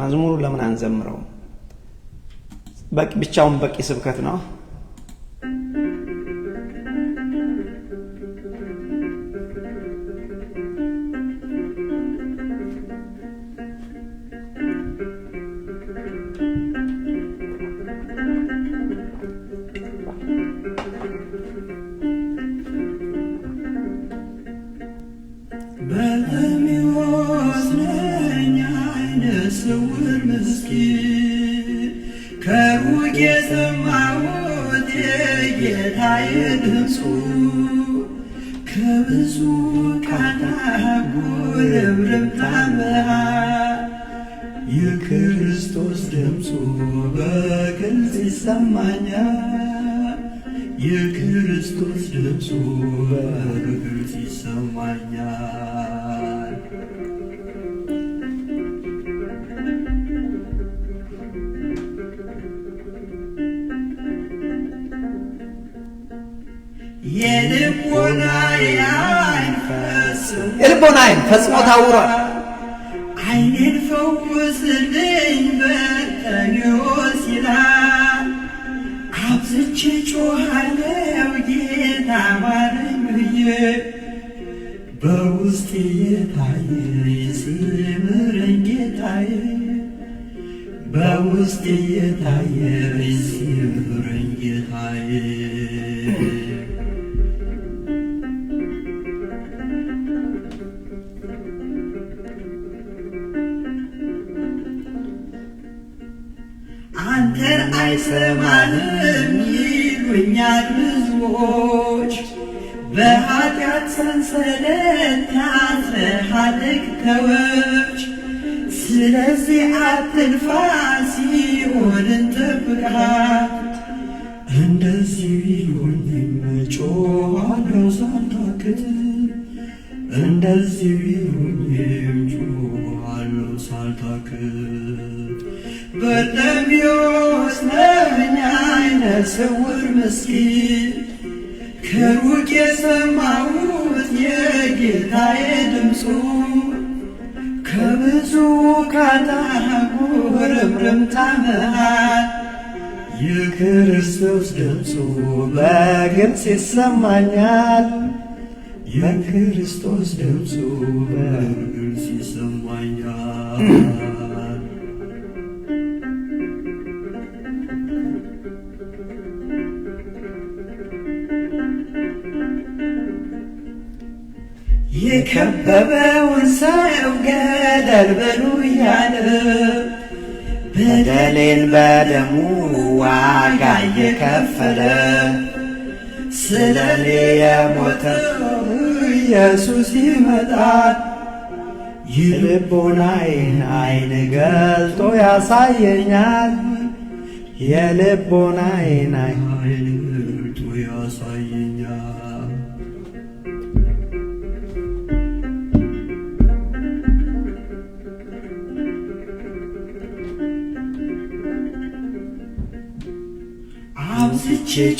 መዝሙሩ ለምን አንዘምረውም? ብቻውን በቂ ስብከት ነው። ይሰማኛል። የልቦና አይን ፈጽሞ ታውሯል። አይኔን ፈውስልኝ ሲምረኝ ጌታዬ በውስጤ የታየ ሲምረኝ ጌታዬ አንተን አይሰማንም ይሉኛል ብዙዎች በኃጢአት ሰንሰለት ታስረሃልክ ከውጭ ስለዚህ አትልፋ ሲኦል እንጠብቅሃል። እንደዚህ ቢሉኝ እጮኻለሁ ሳልታክት፣ እንደዚህ ቢሉኝ እጮኻለሁ ሳልታክት። በለም ይወስደኝ አይነ ስውር ምስኪን ከሩቅ የሰማሁት የጌታዬ ድምፁ ከብዙ ካጣጉ መሃል የክርስቶስ ድምፁ በግልጽ ይሰማኛል። የክርስቶስ ድምፁ በግልጽ ይሰማኛል። የከበበውን ሳየው ገደል በሉ እያለ በደሌን በደሙ ዋጋ እየከፈለ ስለኔ የሞተው ኢየሱስ ይመጣል። የልቦናዬን አይን ገልጦ ያሳየኛል። የልቦናዬን አይን ገልጦ ያሳየኛል።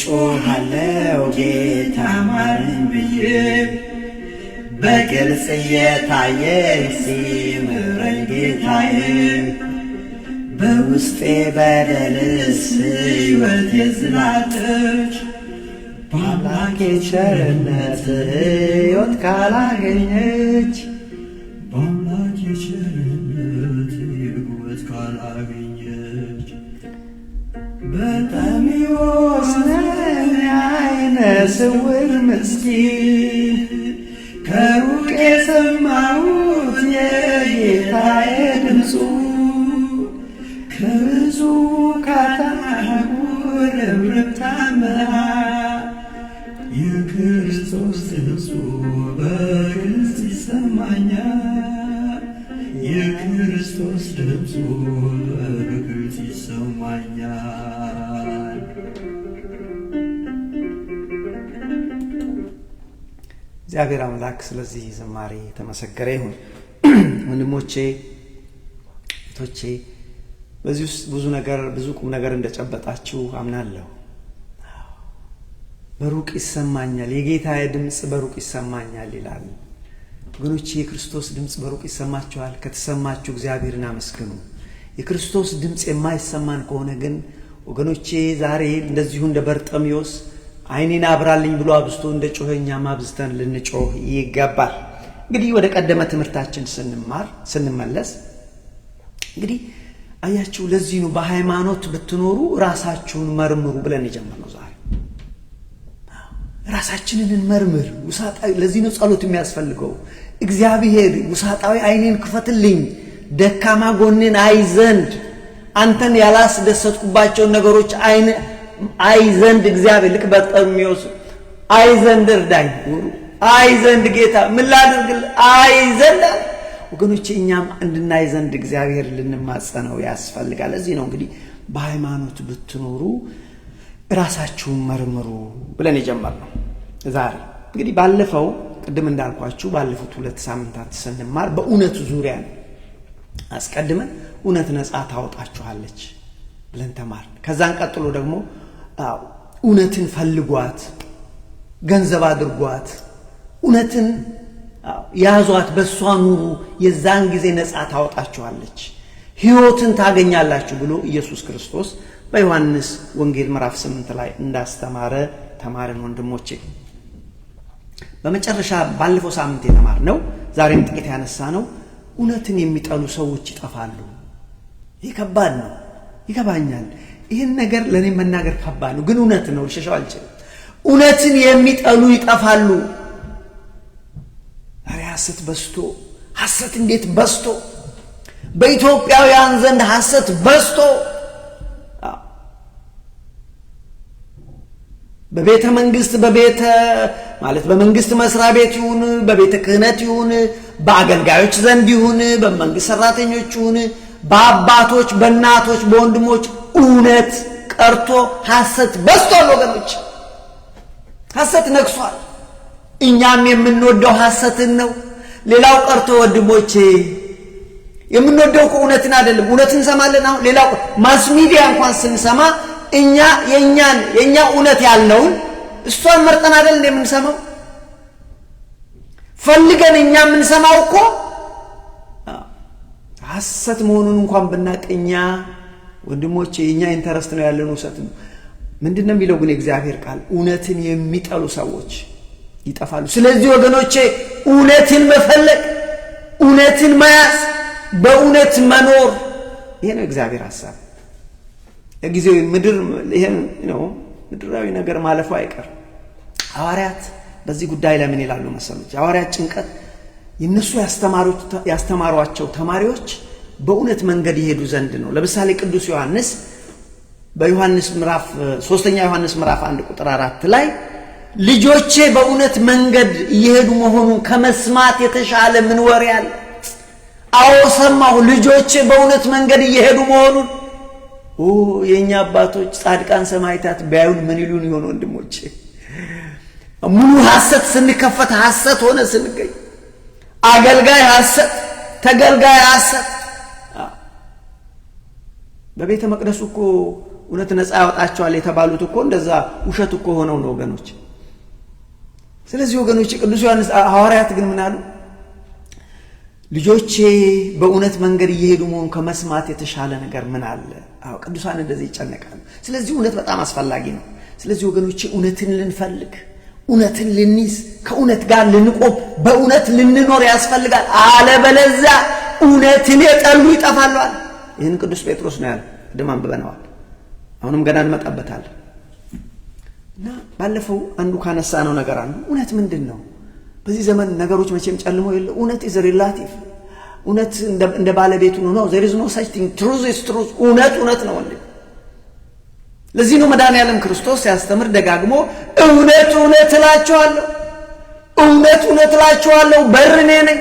ጮኻለው ጌታ ማረኝ ብዬ በግልጽ እየታየኝ ሲምረኝ ጌታዬ በውስጤ በደልስ ሕይወት የዝላለች በአምላኬ ቸርነት ሕይወት ካላገኘች በጣም ይወስነን አይነ ስውር ምስኪን ከሩቅ የሰማሁት የጌታዬ ድምፁ ከብዙ ካታጉር ምርታ መሃ የክርስቶስ ድምፁ በግልጽ ይሰማኛል የክርስቶስ ድምፁ እግዚአብሔር አምላክ ስለዚህ ዝማሬ የተመሰገረ ይሁን። ወንድሞቼ ቶቼ በዚህ ውስጥ ብዙ ነገር ብዙ ቁም ነገር እንደጨበጣችሁ አምናለሁ። በሩቅ ይሰማኛል የጌታ ድምፅ በሩቅ ይሰማኛል ይላል። ወገኖቼ የክርስቶስ ድምፅ በሩቅ ይሰማችኋል? ከተሰማችሁ እግዚአብሔርን አመስግኑ። የክርስቶስ ድምፅ የማይሰማን ከሆነ ግን ወገኖቼ ዛሬ እንደዚሁ እንደ በርጠሚዎስ ዓይኔን አብራልኝ ብሎ አብዝቶ እንደ ጮኸኛም አብዝተን ልንጮህ ይገባል። እንግዲህ ወደ ቀደመ ትምህርታችን ስንማር ስንመለስ እንግዲህ አያችሁ፣ ለዚህ ነው በሃይማኖት ብትኖሩ ራሳችሁን መርምሩ ብለን የጀመርነው ዛሬ ራሳችንን እንመርምር። ለዚህ ነው ጸሎት የሚያስፈልገው። እግዚአብሔር ውሳጣዊ ዓይኔን ክፈትልኝ፣ ደካማ ጎኔን አይ ዘንድ አንተን ያላስደሰትኩባቸውን ነገሮች አይ ዘንድ እግዚአብሔር ልክ በጠሚዎስ አይ ዘንድ እርዳኝ፣ አይ ዘንድ ጌታ ምን ላድርግልህ አይ ዘንድ ወገኖች፣ እኛም እንድናይ ዘንድ እግዚአብሔር ልንማጸነው ያስፈልጋል። እዚህ ነው እንግዲህ በሃይማኖት ብትኖሩ ራሳችሁን መርምሩ ብለን የጀመርነው ዛሬ እንግዲህ ባለፈው ቅድም እንዳልኳችሁ ባለፉት ሁለት ሳምንታት ስንማር በእውነት ዙሪያ ነው። አስቀድመን እውነት ነፃ ታወጣችኋለች ብለን ተማርን። ከዛን ቀጥሎ ደግሞ እውነትን ፈልጓት፣ ገንዘብ አድርጓት፣ እውነትን ያዟት፣ በእሷ ኑሩ፣ የዛን ጊዜ ነፃ ታወጣችኋለች፣ ሕይወትን ታገኛላችሁ ብሎ ኢየሱስ ክርስቶስ በዮሐንስ ወንጌል ምዕራፍ ስምንት ላይ እንዳስተማረ ተማርን። ወንድሞቼ በመጨረሻ ባለፈው ሳምንት የተማርነው ዛሬም ጥቂት ያነሳ ነው። እውነትን የሚጠሉ ሰዎች ይጠፋሉ። ይከባድ ከባድ ነው፣ ይገባኛል። ይህን ነገር ለእኔ መናገር ከባድ ነው፣ ግን እውነት ነው። ልሸሸው አልችልም። እውነትን የሚጠሉ ይጠፋሉ። ኧረ ሐሰት በዝቶ ሐሰት እንዴት በዝቶ በኢትዮጵያውያን ዘንድ ሐሰት በዝቶ በቤተ መንግስት በቤተ ማለት በመንግስት መስሪያ ቤት ይሁን በቤተ ክህነት ይሁን በአገልጋዮች ዘንድ ይሁን በመንግስት ሰራተኞች ይሁን በአባቶች፣ በእናቶች፣ በወንድሞች እውነት ቀርቶ ሐሰት በዝቷል። ወገኖች ሐሰት ነግሷል። እኛም የምንወደው ሐሰትን ነው። ሌላው ቀርቶ ወንድሞቼ የምንወደው እኮ እውነትን አይደለም። እውነት እንሰማለን። አሁን ሌላው ማስ ሚዲያ እንኳን ስንሰማ እኛ የእኛን የእኛ እውነት ያለውን እሷን መርጠን አይደል የምንሰማው። ፈልገን እኛ የምንሰማው እኮ ሐሰት መሆኑን እንኳን ብናቀኛ ወንድሞቼ የእኛ ኢንተረስት ነው ያለን ውሰት ነው። ምንድን ነው የሚለው ግን የእግዚአብሔር ቃል እውነትን የሚጠሉ ሰዎች ይጠፋሉ። ስለዚህ ወገኖቼ እውነትን መፈለግ፣ እውነትን መያዝ፣ በእውነት መኖር ይሄ ነው እግዚአብሔር ሀሳብ። ጊዜው ምድር ይሄን ነው ምድራዊ ነገር ማለፉ አይቀር። ሐዋርያት በዚህ ጉዳይ ለምን ይላሉ መሰሎች? ሐዋርያት ጭንቀት የእነሱ ያስተማሯቸው ተማሪዎች በእውነት መንገድ ይሄዱ ዘንድ ነው። ለምሳሌ ቅዱስ ዮሐንስ በዮሐንስ ምዕራፍ ሶስተኛ ዮሐንስ ምዕራፍ አንድ ቁጥር አራት ላይ ልጆቼ በእውነት መንገድ እየሄዱ መሆኑን ከመስማት የተሻለ ምን ወሬ አለ? አዎ ሰማሁ፣ ልጆቼ በእውነት መንገድ እየሄዱ መሆኑን። የእኛ አባቶች ጻድቃን ሰማዕታት ቢያዩን ምን ይሉን ይሆን? ወንድሞቼ ሙሉ ሐሰት ስንከፈት ሐሰት ሆነ ስንገኝ፣ አገልጋይ ሐሰት፣ ተገልጋይ ሐሰት በቤተ መቅደሱ እኮ እውነት ነፃ ያወጣቸዋል የተባሉት እኮ እንደዛ ውሸት እኮ ሆነው ነው ወገኖች። ስለዚህ ወገኖች ቅዱስ ዮሐንስ ሐዋርያት ግን ምናሉ አሉ? ልጆቼ በእውነት መንገድ እየሄዱ መሆን ከመስማት የተሻለ ነገር ምን አለ? አዎ ቅዱሳን እንደዚህ ይጨነቃሉ። ስለዚህ እውነት በጣም አስፈላጊ ነው። ስለዚህ ወገኖቼ እውነትን ልንፈልግ፣ እውነትን ልንይዝ፣ ከእውነት ጋር ልንቆም፣ በእውነት ልንኖር ያስፈልጋል። አለበለዚያ እውነትን የጠሉ ይጠፋለዋል። ይህን ቅዱስ ጴጥሮስ ነው ያለ ቅድም አንብበነዋል። አሁንም ገና እንመጣበታለን እና ባለፈው አንዱ ካነሳ ነው ነገር አንዱ እውነት ምንድን ነው? በዚህ ዘመን ነገሮች መቼም ጨልሞ የለ እውነት ኢዝ ሪላቲቭ እውነት እንደ ባለቤቱ ነው ነው ዘሪዝ ኖ ሳች ቲንግ ትሩዝ ኢዝ ትሩዝ እውነት እውነት ነው ወንድ ለዚህ ነው ያለም ክርስቶስ ሲያስተምር ደጋግሞ እውነት እውነት እላችኋለሁ እውነት እውነት እላችኋለሁ በር እኔ ነኝ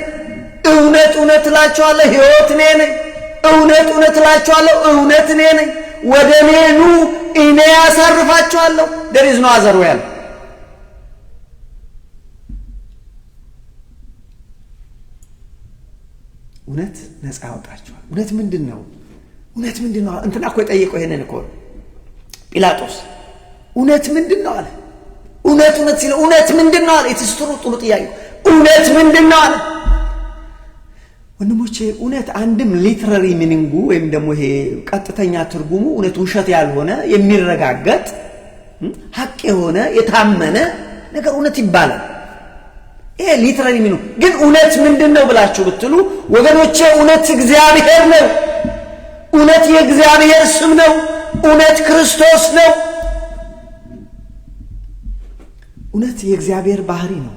እውነት እውነት እላችኋለሁ ህይወት እኔ ነኝ እውነት እውነት እላችኋለሁ እውነት እኔ ነኝ፣ ወደ እኔ ኑ እኔ ያሳርፋችኋለሁ። ደሪዝ ነው አዘሩ ያለ እውነት ነፃ ያወጣችኋል። እውነት ምንድን ነው? እውነት ምንድን ነው? እንትና እኮ የጠየቀው ይሄንን እኮ ጲላጦስ እውነት ምንድን ነው አለ። እውነት እውነት ሲለው እውነት ምንድን ነው አለ። የትስትሩ ጥሩ ጥያቄ እውነት ምንድን ነው አለ። ወንድሞቼ እውነት አንድም ሊትራሪ ሚኒንጉ ወይም ደግሞ ይሄ ቀጥተኛ ትርጉሙ እውነት ውሸት ያልሆነ የሚረጋገጥ ሀቅ የሆነ የታመነ ነገር እውነት ይባላል። ይሄ ሊትራሪ ሚኒንጉ ግን እውነት ምንድን ነው ብላችሁ ብትሉ ወገኖቼ እውነት እግዚአብሔር ነው። እውነት የእግዚአብሔር ስም ነው። እውነት ክርስቶስ ነው። እውነት የእግዚአብሔር ባህሪ ነው።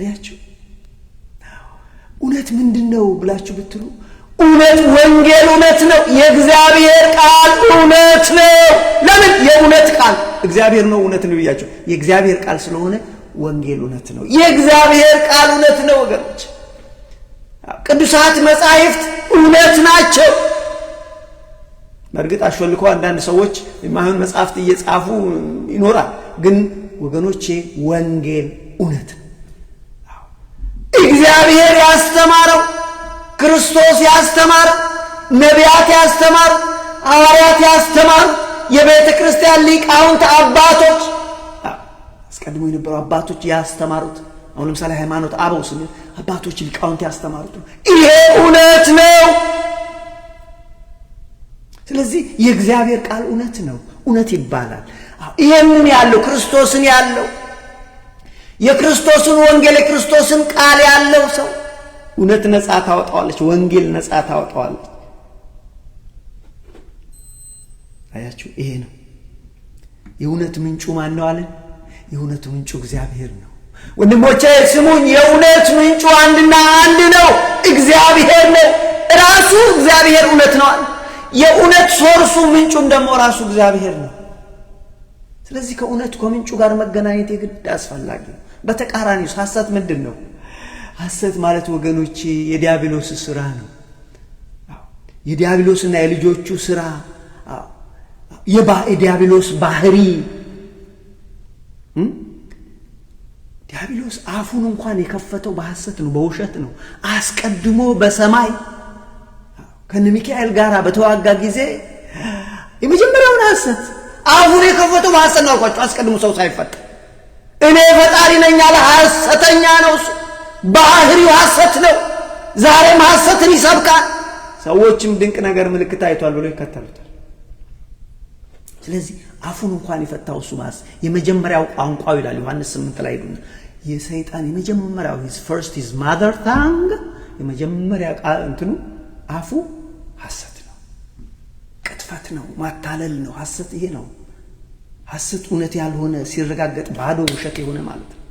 አያችሁ እውነት ምንድን ነው ብላችሁ ብትሉ እውነት ወንጌል እውነት ነው። የእግዚአብሔር ቃል እውነት ነው። ለምን የእውነት ቃል እግዚአብሔር ነው እውነት ነው ብያቸው የእግዚአብሔር ቃል ስለሆነ ወንጌል እውነት ነው። የእግዚአብሔር ቃል እውነት ነው ወገኖች። ቅዱሳት መጻሕፍት እውነት ናቸው። በእርግጥ አሾልኮ አንዳንድ ሰዎች የማይሆን መጽሐፍት እየጻፉ ይኖራል። ግን ወገኖቼ ወንጌል እውነት ነው። እግዚአብሔር ያስተማረው ክርስቶስ ያስተማረው ነቢያት ያስተማሩ ሐዋርያት ያስተማሩ የቤተ ክርስቲያን ሊቃውንት አባቶች አስቀድሞ የነበሩ አባቶች ያስተማሩት አሁን ለምሳሌ ሃይማኖት አበው ስንል አባቶች ሊቃውንት ያስተማሩት ይሄ እውነት ነው። ስለዚህ የእግዚአብሔር ቃል እውነት ነው፣ እውነት ይባላል። ይሄንን ያለው ክርስቶስን ያለው የክርስቶስን ወንጌል የክርስቶስን ቃል ያለው ሰው እውነት ነጻ ታወጣዋለች። ወንጌል ነጻ ታወጣዋለች። አያችሁ፣ ይሄ ነው የእውነት ምንጩ። ማን ነው አለን? የእውነት ምንጩ እግዚአብሔር ነው። ወንድሞቼ ስሙኝ፣ የእውነት ምንጩ አንድና አንድ ነው፣ እግዚአብሔር ነው። ራሱ እግዚአብሔር እውነት ነው አለ። የእውነት ሶርሱ ምንጩም ደግሞ ራሱ እግዚአብሔር ነው። ስለዚህ ከእውነት ከምንጩ ጋር መገናኘት የግድ አስፈላጊ ነው። በተቃራኒው ሐሰት ምንድን ነው? ሐሰት ማለት ወገኖቼ የዲያብሎስ ስራ ነው። የዲያብሎስና የልጆቹ ስራ፣ የዲያብሎስ ባህሪ። ዲያብሎስ አፉን እንኳን የከፈተው በሐሰት ነው፣ በውሸት ነው። አስቀድሞ በሰማይ ከነ ሚካኤል ጋር በተዋጋ ጊዜ የመጀመሪያውን ሐሰት አፉን የከፈተው በሐሰት ነው አልኳቸው፣ አስቀድሞ ሰው ሳይፈጠር እኔ ፈጣሪ ነኝ አለ። ሐሰተኛ ነው እሱ። ባህሪው ሐሰት ነው። ዛሬም ሐሰትን ይሰብካል። ሰዎችም ድንቅ ነገር ምልክት አይቷል ብሎ ይከተሉታል። ስለዚህ አፉን እንኳን የፈታው እሱ ማስ የመጀመሪያው ቋንቋው ይላል ዮሐንስ ስምንት ላይ ሄዱና የሰይጣን የመጀመሪያው ሂዝ ፈርስት ሂዝ ማዘር ታንግ የመጀመሪያ ቃል እንትኑ አፉ ሐሰት ነው፣ ቅጥፈት ነው፣ ማታለል ነው። ሐሰት ይሄ ነው። ሐሰት እውነት ያልሆነ ሲረጋገጥ ባዶ ውሸት የሆነ ማለት ነው።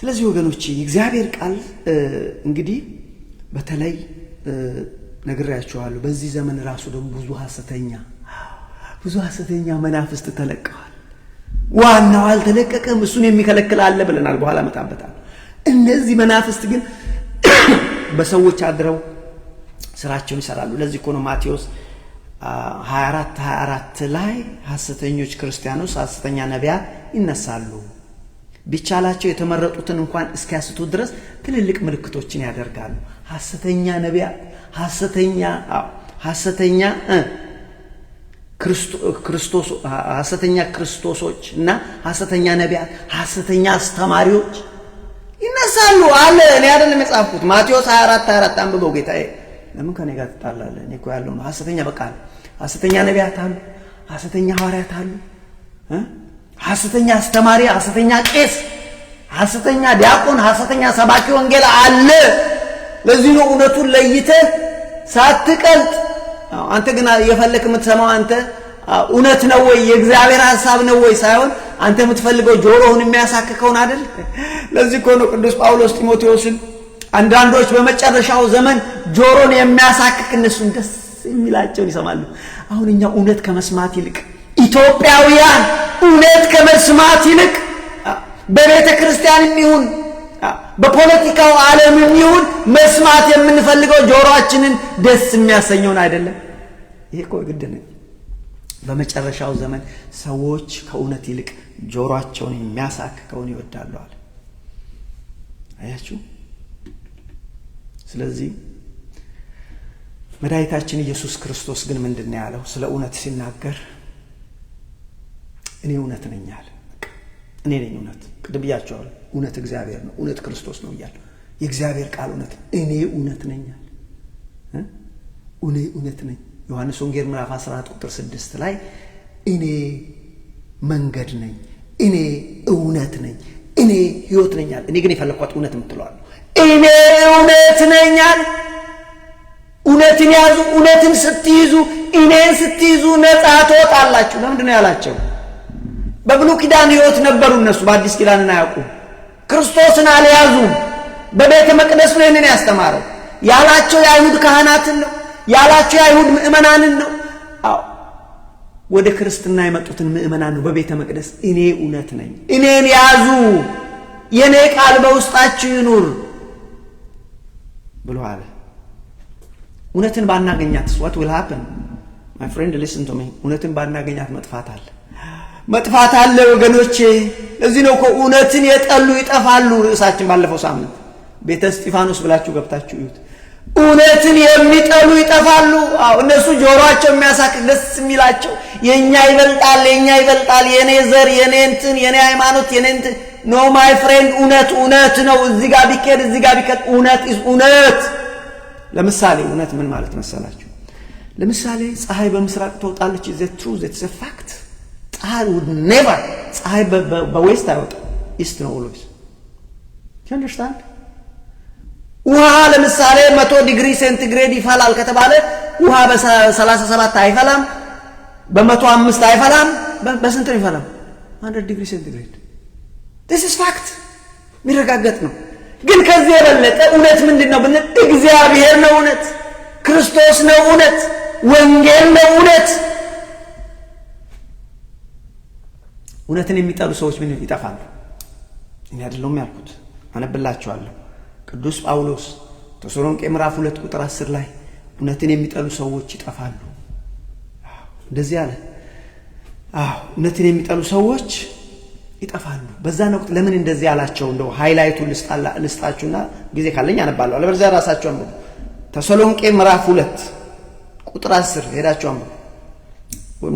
ስለዚህ ወገኖች የእግዚአብሔር ቃል እንግዲህ በተለይ ነግሬያችኋለሁ። በዚህ ዘመን ራሱ ደግሞ ብዙ ሐሰተኛ ብዙ ሐሰተኛ መናፍስት ተለቀዋል። ዋናው አልተለቀቀም፣ እሱን የሚከለክል አለ ብለናል። በኋላ መጣበታል። እነዚህ መናፍስት ግን በሰዎች አድረው ስራቸውን ይሰራሉ። ለዚህ እኮ ነው ማቴዎስ 24 24 ላይ ሐሰተኞች ክርስቲያኖች፣ ሐሰተኛ ነቢያት ይነሳሉ ቢቻላቸው የተመረጡትን እንኳን እስኪያስቱ ድረስ ትልልቅ ምልክቶችን ያደርጋሉ። ሐሰተኛ ነቢያት፣ ሐሰተኛ ሐሰተኛ ክርስቶስ፣ ሐሰተኛ ክርስቶሶች እና ሐሰተኛ ነቢያት፣ ሐሰተኛ አስተማሪዎች ይነሳሉ አለ። እኔ አይደለም የጻፍኩት። ማቴዎስ 24 24 አንብበው ጌታዬ ለምን ከኔ ጋር ትጣላለህ? እኔ እኮ ያለው ነው ሐሰተኛ በቃ ሐሰተኛ ነቢያት አሉ፣ ሐሰተኛ ሐዋርያት አሉ፣ ሐሰተኛ አስተማሪ፣ ሐሰተኛ ቄስ፣ ሐሰተኛ ዲያቆን፣ ሐሰተኛ ሰባኪ ወንጌል አለ። ለዚህ ነው እውነቱን ለይተህ ሳትቀልጥ። አንተ ግን የፈለክ የምትሰማው አንተ እውነት ነው ወይ የእግዚአብሔር ሐሳብ ነው ወይ ሳይሆን አንተ የምትፈልገው ጆሮህን የሚያሳክከውን አይደል? ለዚህ እኮ ነው ቅዱስ ጳውሎስ ጢሞቴዎስን አንዳንዶች በመጨረሻው ዘመን ጆሮን የሚያሳክክ እነሱን ደስ የሚላቸውን ይሰማሉ። አሁን እኛ እውነት ከመስማት ይልቅ ኢትዮጵያውያን እውነት ከመስማት ይልቅ በቤተ ክርስቲያንም ይሁን በፖለቲካው ዓለምም ይሁን መስማት የምንፈልገው ጆሮአችንን ደስ የሚያሰኘውን አይደለም። ይሄ እኮ ግድ ነው። በመጨረሻው ዘመን ሰዎች ከእውነት ይልቅ ጆሮአቸውን የሚያሳክከውን ይወዳሉ አለ። አያችሁ። ስለዚህ መድኃኒታችን ኢየሱስ ክርስቶስ ግን ምንድን ነው ያለው? ስለ እውነት ሲናገር እኔ እውነት ነኝ አለ። እኔ ነኝ እውነት። ቅድም እውነት እግዚአብሔር ነው፣ እውነት ክርስቶስ ነው እያለ የእግዚአብሔር ቃል እውነት እኔ እውነት ነኝ አለ። እኔ እውነት ነኝ። ዮሐንስ ወንጌል ምዕራፍ 14 ቁጥር 6 ላይ እኔ መንገድ ነኝ፣ እኔ እውነት ነኝ፣ እኔ ህይወት ነኛል እኔ ግን የፈለኳት እውነት የምትለዋለሁ እኔ እውነት ነኛል። እውነትን ያዙ። እውነትን ስትይዙ፣ እኔን ስትይዙ ነጻ ትወጣላችሁ። ለምንድን ነው ያላቸው? በብሉ ኪዳን ሕይወት ነበሩ እነሱ። በአዲስ ኪዳንን አያውቁ ክርስቶስን አልያዙም። በቤተ መቅደስ ነው ይህንን ያስተማረው። ያላቸው የአይሁድ ካህናትን ነው ያላቸው የአይሁድ ምእመናንን ነው። አዎ ወደ ክርስትና የመጡትን ምእመናን ነው በቤተ መቅደስ እኔ እውነት ነኝ፣ እኔን ያዙ፣ የእኔ ቃል በውስጣችሁ ይኑር ብሎ አለ። እውነትን ባናገኛት ስዋት ዊል ሀፕን ማይ ፍሬንድ ሊስን ቱ እውነትን ባናገኛት መጥፋት አለ፣ መጥፋት አለ ወገኖቼ። እዚህ ነው እኮ እውነትን የጠሉ ይጠፋሉ። ርዕሳችን ባለፈው ሳምንት ቤተ ስጢፋኖስ ብላችሁ ገብታችሁ እዩት። እውነትን የሚጠሉ ይጠፋሉ። አዎ እነሱ ጆሮአቸው የሚያሳክ ደስ የሚላቸው የእኛ ይበልጣል፣ የእኛ ይበልጣል፣ የእኔ ዘር፣ የእኔ እንትን፣ የእኔ ሃይማኖት፣ የእኔ እንትን ኖ ማይ ፍሬንድ፣ እውነት እውነት ነው። እዚህ ጋር ቢኬድ እዚህ ጋር ቢኬድ እውነት እውነት። ለምሳሌ እውነት ምን ማለት መሰላችሁ? ለምሳሌ ፀሐይ በምስራቅ ትወጣለች። ዘ ትሩ ዘ ፋክት። ፀሐይ ውድ ኔቨር ፀሐይ በዌስት አይወጣም፣ ኢስት ነው ኦልዌይስ። አንደርስታንድ ውሃ ለምሳሌ መቶ ዲግሪ ሴንቲግሬድ ይፈላል ከተባለ ውሃ በሰላሳ ሰባት አይፈላም፣ በመቶ አምስት አይፈላም። በስንት ነው ይፈላም? 100 ዲግሪ ሴንቲግሬድ ስ ፋክት የሚረጋገጥ ነው። ግን ከዚህ የበለጠ እውነት ምንድን ነው ብንል እግዚአብሔር ነው እውነት፣ ክርስቶስ ነው እውነት፣ ወንጌል ነው እውነት። እውነትን የሚጠሉ ሰዎች ምን ይጠፋሉ? እኔ አይደለሁም ያልኩት፣ አነብላችኋለሁ። ቅዱስ ጳውሎስ ተሰሎንቄ ምዕራፍ ሁለት ቁጥር አስር ላይ እውነትን የሚጠሉ ሰዎች ይጠፋሉ እንደዚህ አለ። እውነትን የሚጠሉ ሰዎች ይጠፋሉ። በዛን ወቅት ለምን እንደዚህ አላቸው? እንደው ሃይላይቱን ልስጣችሁና ጊዜ ካለኝ አነባለሁ። አለበለዚያ ራሳቸው አንብቡ። ተሰሎንቄ ምዕራፍ ሁለት ቁጥር አስር ሄዳችሁ አንብቡ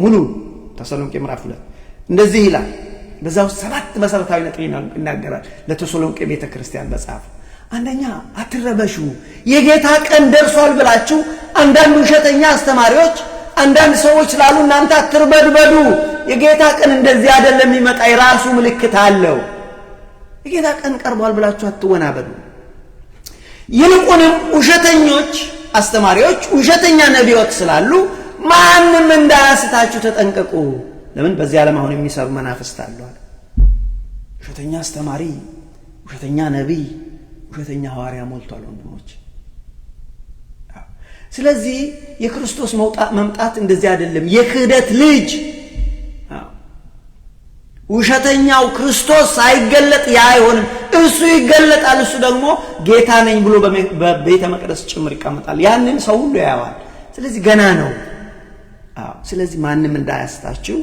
ሙሉ ተሰሎንቄ ምዕራፍ ሁለት እንደዚህ ይላል። በዛው ሰባት መሰረታዊ ነጥብ ይናገራል ለተሰሎንቄ ቤተ ክርስቲያን መጽሐፍ። አንደኛ አትረበሹ፣ የጌታ ቀን ደርሷል ብላችሁ አንዳንድ ውሸተኛ አስተማሪዎች አንዳንድ ሰዎች ላሉ እናንተ አትርበድበዱ፣ የጌታ ቀን እንደዚህ አይደለም የሚመጣ የራሱ ምልክት አለው፣ የጌታ ቀን ቀርቧል ብላችሁ አትወናበዱ። ይልቁንም ውሸተኞች አስተማሪዎች፣ ውሸተኛ ነቢዮች ስላሉ ማንም እንዳያስታችሁ ተጠንቀቁ። ለምን በዚህ ዓለም አሁን የሚሰሩ መናፍስት አለዋል። ውሸተኛ አስተማሪ፣ ውሸተኛ ነቢይ፣ ውሸተኛ ሐዋርያ ሞልቷል ወንድሞች። ስለዚህ የክርስቶስ መምጣት እንደዚህ አይደለም። የክህደት ልጅ ውሸተኛው ክርስቶስ ሳይገለጥ ያ አይሆንም። እሱ ይገለጣል። እሱ ደግሞ ጌታ ነኝ ብሎ በቤተ መቅደስ ጭምር ይቀመጣል። ያንን ሰው ሁሉ ያየዋል። ስለዚህ ገና ነው። ስለዚህ ማንም እንዳያስታችሁ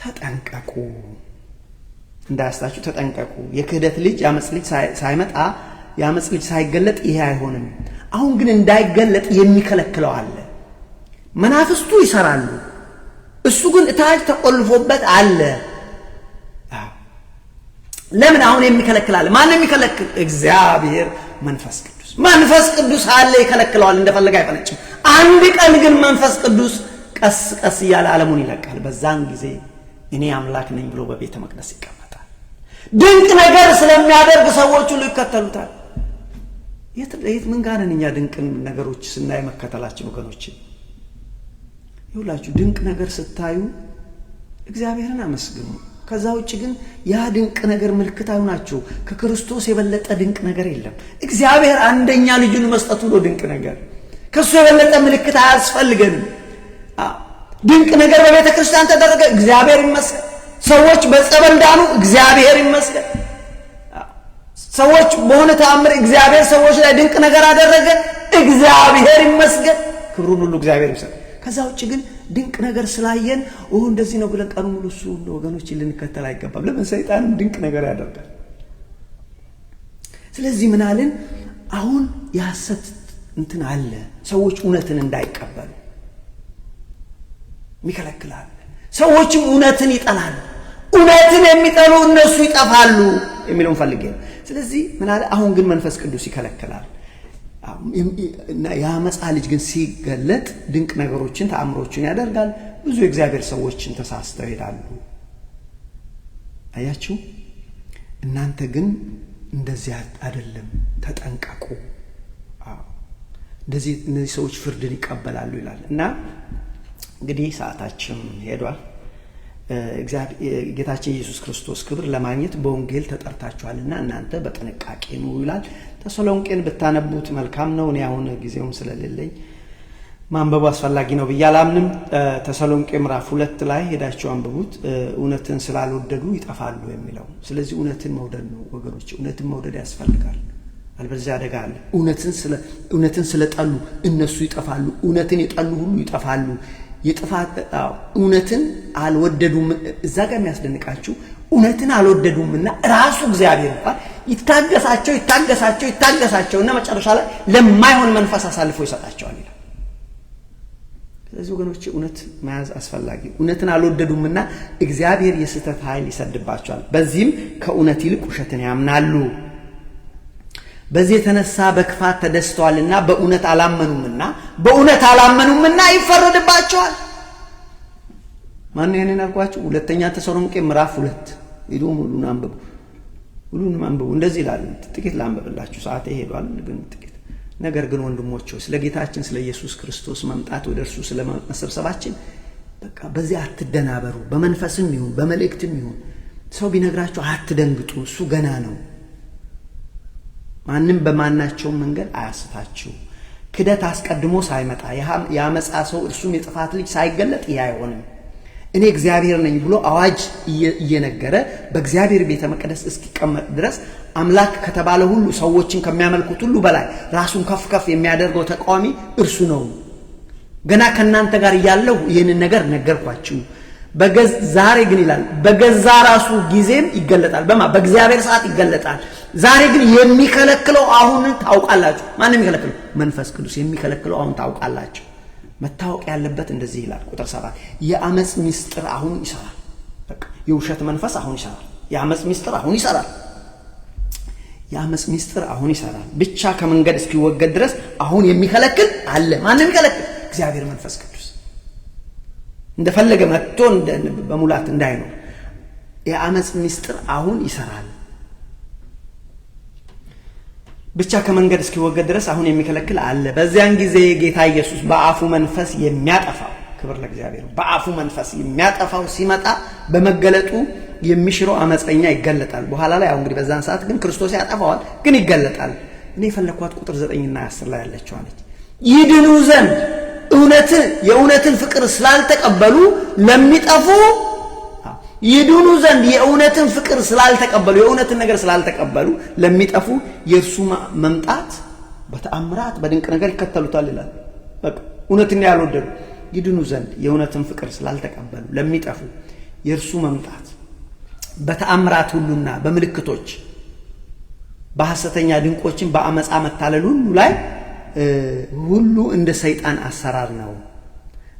ተጠንቀቁ፣ እንዳያስታችሁ ተጠንቀቁ። የክህደት ልጅ የአመፅ ልጅ ሳይመጣ የአመፅ ልጅ ሳይገለጥ ይሄ አይሆንም። አሁን ግን እንዳይገለጥ የሚከለክለው አለ። መናፍስቱ ይሰራሉ፣ እሱ ግን እታች ተቆልፎበት አለ። ለምን አሁን የሚከለክላል? ማን የሚከለክል? እግዚአብሔር መንፈስ ቅዱስ። መንፈስ ቅዱስ አለ ይከለክለዋል፣ እንደፈለገ አይፈነጭም። አንድ ቀን ግን መንፈስ ቅዱስ ቀስ ቀስ እያለ ዓለሙን ይለቃል። በዛን ጊዜ እኔ አምላክ ነኝ ብሎ በቤተ መቅደስ ይቀመጣል። ድንቅ ነገር ስለሚያደርግ ሰዎቹ ይከተሉታል። ምን ጋር ነን እኛ? ድንቅን ነገሮች ስናይ መከተላችን ወገኖችን ይውላችሁ፣ ድንቅ ነገር ስታዩ እግዚአብሔርን አመስግኑ። ከዛ ውጭ ግን ያ ድንቅ ነገር ምልክት አይሆናችሁ። ከክርስቶስ የበለጠ ድንቅ ነገር የለም። እግዚአብሔር አንደኛ ልጁን መስጠቱ ነው ድንቅ ነገር። ከእሱ የበለጠ ምልክት አያስፈልገንም። ድንቅ ነገር በቤተ ክርስቲያን ተደረገ፣ እግዚአብሔር ይመስገን። ሰዎች በጸበል ዳኑ፣ እግዚአብሔር ይመስገን። ሰዎች በሆነ ተአምር እግዚአብሔር ሰዎች ላይ ድንቅ ነገር አደረገ። እግዚአብሔር ይመስገን፣ ክብሩን ሁሉ እግዚአብሔር ይመስገን። ከዛ ውጭ ግን ድንቅ ነገር ስላየን እንደዚህ ነው ብለን ቀኑ ሙሉ እሱ ወገኖች ልንከተል አይገባም። ለምን? ሰይጣንም ድንቅ ነገር ያደርጋል። ስለዚህ ምናልን አሁን የሐሰት እንትን አለ፣ ሰዎች እውነትን እንዳይቀበሉ ይከለክላል። ሰዎችም እውነትን ይጠላሉ። እውነትን የሚጠሉ እነሱ ይጠፋሉ የሚለውን ፈልጌ ነው። ስለዚህ ምን አለ? አሁን ግን መንፈስ ቅዱስ ይከለክላል እና የአመፃ ልጅ ግን ሲገለጥ ድንቅ ነገሮችን ተአምሮችን ያደርጋል። ብዙ የእግዚአብሔር ሰዎችን ተሳስተው ይሄዳሉ። አያችሁ፣ እናንተ ግን እንደዚህ አይደለም፣ ተጠንቀቁ። እነዚህ ሰዎች ፍርድን ይቀበላሉ ይላል እና እንግዲህ ሰዓታችን ሄዷል። ጌታችን ኢየሱስ ክርስቶስ ክብር ለማግኘት በወንጌል ተጠርታችኋልና እናንተ በጥንቃቄ ነው ይላል። ተሰሎንቄን ብታነቡት መልካም ነው። እኔ አሁን ጊዜውም ስለሌለኝ ማንበቡ አስፈላጊ ነው ብዬ አላምንም። ተሰሎንቄ ምዕራፍ ሁለት ላይ ሄዳችሁ አንብቡት። እውነትን ስላልወደዱ ይጠፋሉ የሚለው ስለዚህ እውነትን መውደድ ነው ወገኖች፣ እውነትን መውደድ ያስፈልጋል። አልበለዚያ አደጋ አለ። እውነትን ስለጠሉ እነሱ ይጠፋሉ። እውነትን የጠሉ ሁሉ ይጠፋሉ የጥፋት እውነትን አልወደዱም። እዛ ጋር የሚያስደንቃችሁ እውነትን አልወደዱምና ራሱ እግዚአብሔር እንኳን ይታገሳቸው ይታገሳቸው ይታገሳቸው እና መጨረሻ ላይ ለማይሆን መንፈስ አሳልፎ ይሰጣቸዋል ይላል። ስለዚህ ወገኖች እውነት መያዝ አስፈላጊ። እውነትን አልወደዱምና እግዚአብሔር የስህተት ኃይል ይሰድባቸዋል። በዚህም ከእውነት ይልቅ ውሸትን ያምናሉ። በዚህ የተነሳ በክፋት ተደስተዋልና በእውነት አላመኑምና በእውነት አላመኑምና ይፈረድባቸዋል። ማን ይህንን ያልኳችሁ? ሁለተኛ ተሰሎንቄ ምዕራፍ ሁለት ሂዱ ሁሉን አንብቡ፣ ሁሉንም አንብቡ። እንደዚህ ይላል። ጥቂት ላንብብላችሁ፣ ሰዓት ይሄዷል ግን ጥቂት ነገር ግን ወንድሞች ሆይ ስለ ጌታችን ስለ ኢየሱስ ክርስቶስ መምጣት ወደ እርሱ ስለ መሰብሰባችን በቃ በዚህ አትደናበሩ። በመንፈስም ይሁን በመልእክትም ይሁን ሰው ቢነግራችሁ አትደንግጡ፣ እሱ ገና ነው። ማንም በማናቸው መንገድ አያስታችሁ። ክደት አስቀድሞ ሳይመጣ የአመፃ ሰው እርሱም የጥፋት ልጅ ሳይገለጥ ይህ አይሆንም። እኔ እግዚአብሔር ነኝ ብሎ አዋጅ እየነገረ በእግዚአብሔር ቤተ መቅደስ እስኪቀመጥ ድረስ አምላክ ከተባለ ሁሉ ሰዎችን ከሚያመልኩት ሁሉ በላይ ራሱን ከፍ ከፍ የሚያደርገው ተቃዋሚ እርሱ ነው። ገና ከእናንተ ጋር እያለሁ ይህንን ነገር ነገርኳችሁ። ዛሬ ግን ይላል በገዛ ራሱ ጊዜም ይገለጣል። በማ በእግዚአብሔር ሰዓት ይገለጣል። ዛሬ ግን የሚከለክለው አሁን ታውቃላችሁ። ማን የሚከለክለው? መንፈስ ቅዱስ የሚከለክለው አሁን ታውቃላችሁ። መታወቅ ያለበት እንደዚህ ይላል። ቁጥር ሰባት የአመፅ ሚስጥር አሁን ይሰራል። በቃ የውሸት መንፈስ አሁን ይሰራል። የአመፅ ሚስጥር አሁን ይሰራል። የአመፅ ሚስጥር አሁን ይሰራል። ብቻ ከመንገድ እስኪወገድ ድረስ አሁን የሚከለክል አለ። ማን የሚከለክል? እግዚአብሔር መንፈስ ቅዱስ እንደፈለገ መጥቶ በሙላት እንዳይኖር የአመፅ ሚስጥር አሁን ይሰራል። ብቻ ከመንገድ እስኪወገድ ድረስ አሁን የሚከለክል አለ። በዚያን ጊዜ ጌታ ኢየሱስ በአፉ መንፈስ የሚያጠፋው ክብር ለእግዚአብሔር፣ በአፉ መንፈስ የሚያጠፋው ሲመጣ በመገለጡ የሚሽረው አመፀኛ ይገለጣል። በኋላ ላይ አሁን እንግዲህ በዛን ሰዓት ግን ክርስቶስ ያጠፋዋል፣ ግን ይገለጣል። እኔ የፈለግኳት ቁጥር ዘጠኝና አስር ላይ ያለችዋለች ይድኑ ዘንድ እውነትን የእውነትን ፍቅር ስላልተቀበሉ ለሚጠፉ ይድኑ ዘንድ የእውነትን ፍቅር ስላልተቀበሉ የእውነትን ነገር ስላልተቀበሉ ለሚጠፉ የእርሱ መምጣት በተአምራት በድንቅ ነገር ይከተሉታል ይላል። በቃ እውነትን ያልወደዱ ይድኑ ዘንድ የእውነትን ፍቅር ስላልተቀበሉ ለሚጠፉ የእርሱ መምጣት በተአምራት ሁሉና በምልክቶች በሐሰተኛ ድንቆችን በአመፃ መታለል ሁሉ ላይ ሁሉ እንደ ሰይጣን አሰራር ነው።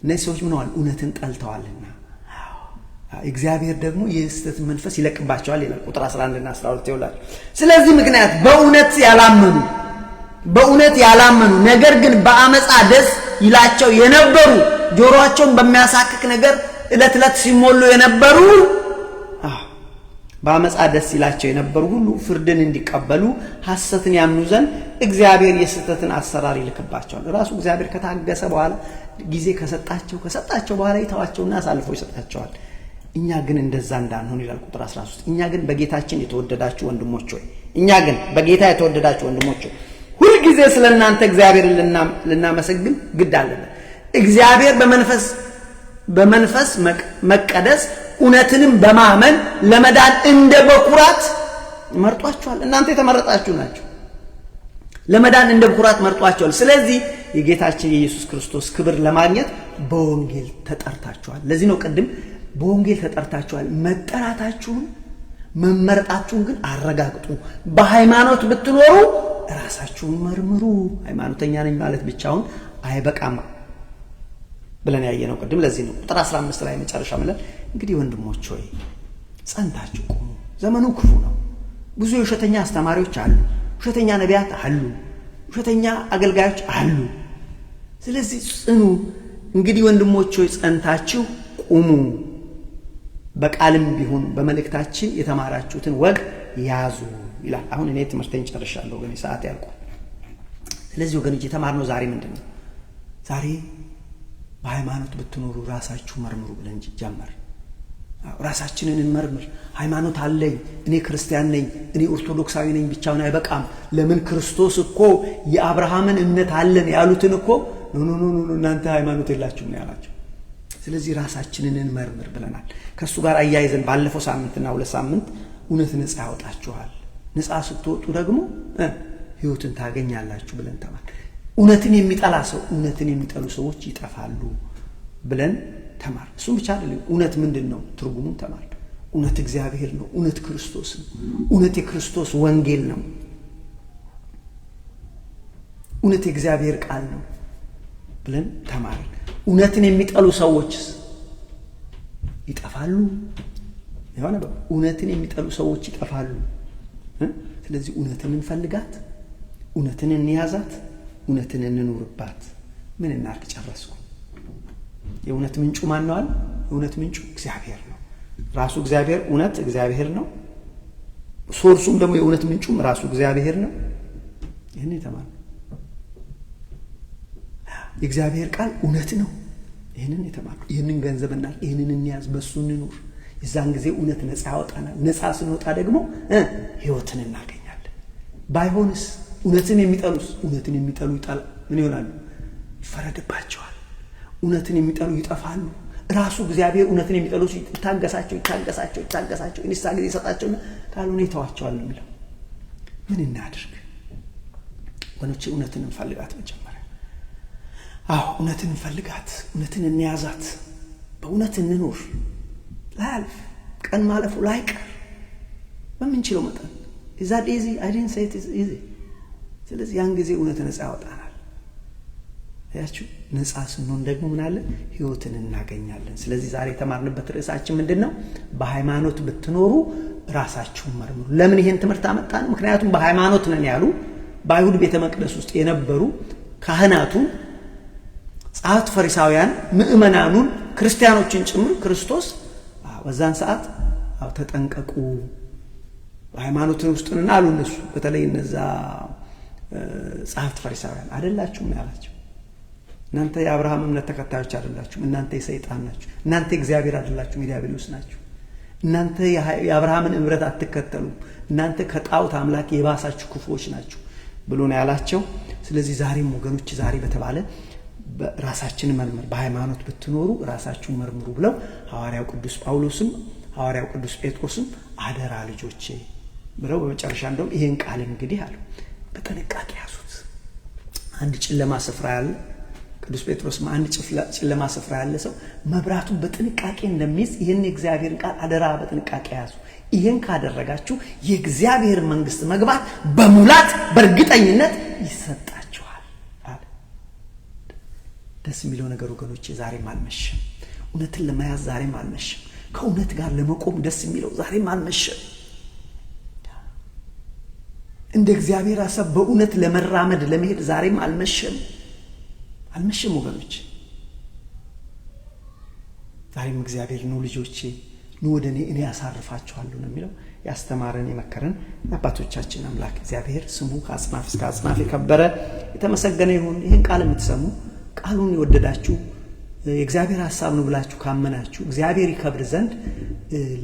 እነዚህ ሰዎች ምንዋል እውነትን ጠልተዋልና እግዚአብሔር ደግሞ የስህተት መንፈስ ይለቅባቸዋል ይላል ቁጥር 11 ና 12 ይውላል ስለዚህ ምክንያት በእውነት ያላመኑ በእውነት ያላመኑ ነገር ግን በአመፃ ደስ ይላቸው የነበሩ ጆሮቸውን በሚያሳክክ ነገር እለት ዕለት ሲሞሉ የነበሩ በአመፃ ደስ ይላቸው የነበሩ ሁሉ ፍርድን እንዲቀበሉ ሐሰትን ያምኑ ዘንድ እግዚአብሔር የስህተትን አሰራር ይልክባቸዋል። ራሱ እግዚአብሔር ከታገሰ በኋላ ጊዜ ከሰጣቸው ከሰጣቸው በኋላ ይተዋቸውና አሳልፎ ይሰጣቸዋል። እኛ ግን እንደዛ እንዳንሆን ይላል ቁጥር 13 እኛ ግን በጌታችን የተወደዳችሁ ወንድሞች ሆይ እኛ ግን በጌታ የተወደዳችሁ ወንድሞች ሆይ ሁልጊዜ ስለ እናንተ እግዚአብሔርን ልናመሰግን ግድ አለበት። እግዚአብሔር በመንፈስ በመንፈስ መቀደስ እውነትንም በማመን ለመዳን እንደ በኩራት መርጧቸዋል። እናንተ የተመረጣችሁ ናቸው። ለመዳን እንደ በኩራት መርጧቸዋል። ስለዚህ የጌታችን የኢየሱስ ክርስቶስ ክብር ለማግኘት በወንጌል ተጠርታችኋል። ለዚህ ነው ቅድም በወንጌል ተጠርታችኋል። መጠራታችሁን መመረጣችሁን ግን አረጋግጡ። በሃይማኖት ብትኖሩ ራሳችሁን መርምሩ። ሃይማኖተኛ ነኝ ማለት ብቻውን አይበቃም ብለን ያየነው ቅድም ለዚህ ነው ቁጥር 15 ላይ መጨረሻ ምለን እንግዲህ ወንድሞች ሆይ ጸንታችሁ ቁሙ። ዘመኑ ክፉ ነው። ብዙ የውሸተኛ አስተማሪዎች አሉ፣ ውሸተኛ ነቢያት አሉ፣ ውሸተኛ አገልጋዮች አሉ። ስለዚህ ጽኑ። እንግዲህ ወንድሞች ሆይ ጸንታችሁ ቁሙ። በቃልም ቢሆን በመልእክታችን የተማራችሁትን ወግ ያዙ ይላል። አሁን እኔ ትምህርቴን ጨርሻለሁ፣ ወገኔ ሰዓት ያልቁ። ስለዚህ ወገኖች የተማርነው ዛሬ ምንድን ነው? ዛሬ በሃይማኖት ብትኖሩ ራሳችሁ መርምሩ ብለን ጀመር። ራሳችንን እንመርምር። ሃይማኖት አለኝ፣ እኔ ክርስቲያን ነኝ፣ እኔ ኦርቶዶክሳዊ ነኝ ብቻውን አይበቃም። ለምን ክርስቶስ እኮ የአብርሃምን እምነት አለን ያሉትን እኮ እናንተ ሃይማኖት የላችሁም ነው ያላቸው። ስለዚህ ራሳችንን እንመርምር ብለናል። ከእሱ ጋር አያይዘን ባለፈው ሳምንትና ሁለት ሳምንት እውነት ነፃ ያወጣችኋል፣ ነፃ ስትወጡ ደግሞ ህይወትን ታገኛላችሁ ብለን ተማል። እውነትን የሚጠላ ሰው እውነትን የሚጠሉ ሰዎች ይጠፋሉ ብለን ተማር። እሱም ብቻ አይደለም፣ እውነት ምንድን ነው ትርጉሙን ተማር። እውነት እግዚአብሔር ነው። እውነት ክርስቶስ ነው። እውነት የክርስቶስ ወንጌል ነው። እውነት የእግዚአብሔር ቃል ነው ብለን ተማር። እውነትን የሚጠሉ ሰዎች ይጠፋሉ። የሆነ እውነትን የሚጠሉ ሰዎች ይጠፋሉ። ስለዚህ እውነትን እንፈልጋት፣ እውነትን እንያዛት፣ እውነትን እንኑርባት። ምን እናርግ? ጨረስኩ። የእውነት ምንጩ ማን ነው? የእውነት ምንጩ እግዚአብሔር ነው። ራሱ እግዚአብሔር እውነት እግዚአብሔር ነው። ሶርሱም ደግሞ የእውነት ምንጩም ራሱ እግዚአብሔር ነው። ይህን የተማርነው የእግዚአብሔር ቃል እውነት ነው። ይህንን የተማርነው ይህንን ገንዘብ እና ይህንን እንያዝ፣ በሱ እንኑር። የዛን ጊዜ እውነት ነፃ ያወጣናል። ነፃ ስንወጣ ደግሞ ህይወትን እናገኛለን። ባይሆንስ እውነትን የሚጠሉስ እውነትን የሚጠሉ ይጠላ ምን ይሆናሉ? ይፈረድባቸዋል። እውነትን የሚጠሉ ይጠፋሉ። ራሱ እግዚአብሔር እውነትን የሚጠሉ ይታገሳቸው ይታገሳቸው ይታገሳቸው እንሳ ጊዜ ይሰጣቸውና ካልሆነ ይተዋቸዋል የሚለው ምን እናድርግ ወኖቼ? እውነትን እንፈልጋት መጀመሪያ። አዎ እውነትን እንፈልጋት፣ እውነትን እንያዛት፣ በእውነት እንኖር ላያልፍ ቀን ማለፉ ላይቀር በምንችለው መጠን እዛ ዚ አይደን ሳይት ዚ ስለዚህ ያን ጊዜ እውነት ነፃ ያወጣናል ያችሁ ነፃ ስንሆን ደግሞ ምናለ ህይወትን እናገኛለን። ስለዚህ ዛሬ የተማርንበት ርዕሳችን ምንድን ነው? በሃይማኖት ብትኖሩ ራሳችሁን መርምሩ። ለምን ይሄን ትምህርት አመጣን? ምክንያቱም በሃይማኖት ነን ያሉ በአይሁድ ቤተ መቅደስ ውስጥ የነበሩ ካህናቱ፣ ጸሐፍት፣ ፈሪሳውያን ምእመናኑን፣ ክርስቲያኖችን ጭምር ክርስቶስ በዛን ሰዓት ተጠንቀቁ በሃይማኖትን ውስጥንና አሉ እነሱ በተለይ እነዛ ጸሐፍት ፈሪሳውያን አይደላችሁም ያላቸው እናንተ የአብርሃም እምነት ተከታዮች አይደላችሁም። እናንተ የሰይጣን ናችሁ። እናንተ እግዚአብሔር አይደላችሁም፣ የዲያብሎስ ናችሁ። እናንተ የአብርሃምን እምረት አትከተሉም። እናንተ ከጣዖት አምላክ የባሳችሁ ክፉዎች ናችሁ ብሎ ነው ያላቸው። ስለዚህ ዛሬም ወገኖች ዛሬ በተባለ ራሳችን መርምር፣ በሃይማኖት ብትኖሩ ራሳችሁን መርምሩ ብለው ሐዋርያው ቅዱስ ጳውሎስም ሐዋርያው ቅዱስ ጴጥሮስም አደራ ልጆቼ ብለው በመጨረሻ እንደውም ይሄን ቃል እንግዲህ አሉ በጥንቃቄ ያዙት። አንድ ጨለማ ስፍራ ያለ ቅዱስ ጴጥሮስ አንድ ጨለማ ስፍራ ያለ ሰው መብራቱን በጥንቃቄ እንደሚይዝ ይህን የእግዚአብሔርን ቃል አደራ በጥንቃቄ ያዙ። ይህን ካደረጋችሁ የእግዚአብሔር መንግስት መግባት በሙላት በእርግጠኝነት ይሰጣችኋል አለ። ደስ የሚለው ነገር ወገኖቼ ዛሬም አልመሸም። እውነትን ለመያዝ ዛሬም አልመሸም። ከእውነት ጋር ለመቆም ደስ የሚለው ዛሬም አልመሸም። እንደ እግዚአብሔር ሐሳብ በእውነት ለመራመድ ለመሄድ ዛሬም አልመሸም። አልመሸም ወገኖች። ዛሬም እግዚአብሔር ኑ ልጆቼ ኑ ወደ እኔ እኔ ያሳርፋችኋለሁ ነው የሚለው። ያስተማረን የመከረን የአባቶቻችን አምላክ እግዚአብሔር ስሙ ከአጽናፍ እስከ አጽናፍ የከበረ የተመሰገነ ይሁን። ይህን ቃል የምትሰሙ ቃሉን የወደዳችሁ የእግዚአብሔር ሀሳብ ነው ብላችሁ ካመናችሁ እግዚአብሔር ይከብር ዘንድ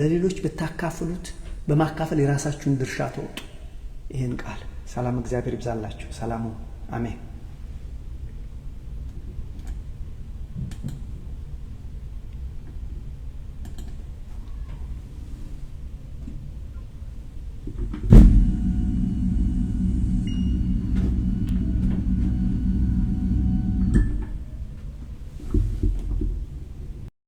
ለሌሎች ብታካፍሉት በማካፈል የራሳችሁን ድርሻ ተወጡ። ይህን ቃል ሰላም እግዚአብሔር ይብዛላችሁ። ሰላሙ አሜን።